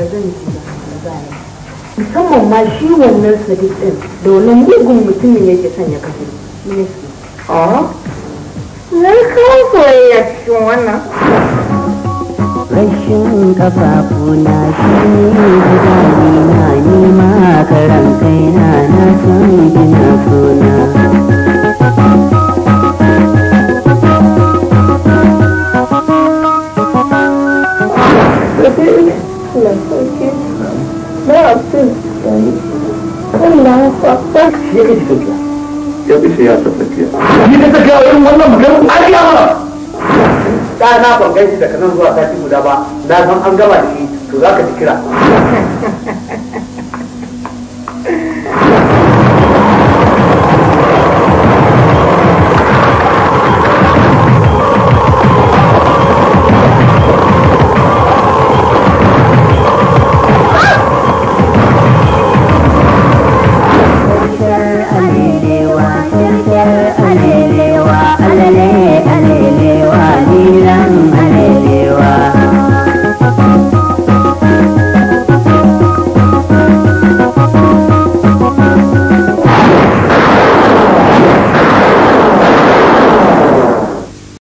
ba zan ji ba musamman ma shi wannan sadiq din da wannan mugun mutumin yake son ya kafa a na kawo soyayya cikin wannan rashin kafafu na shi ne na nema ka Na Ni ka wannan maganar ariya mana. Ɗana ban gaishe da kanan zuwa sati guda ba, na san an gaba da shi, to za ka ji kira.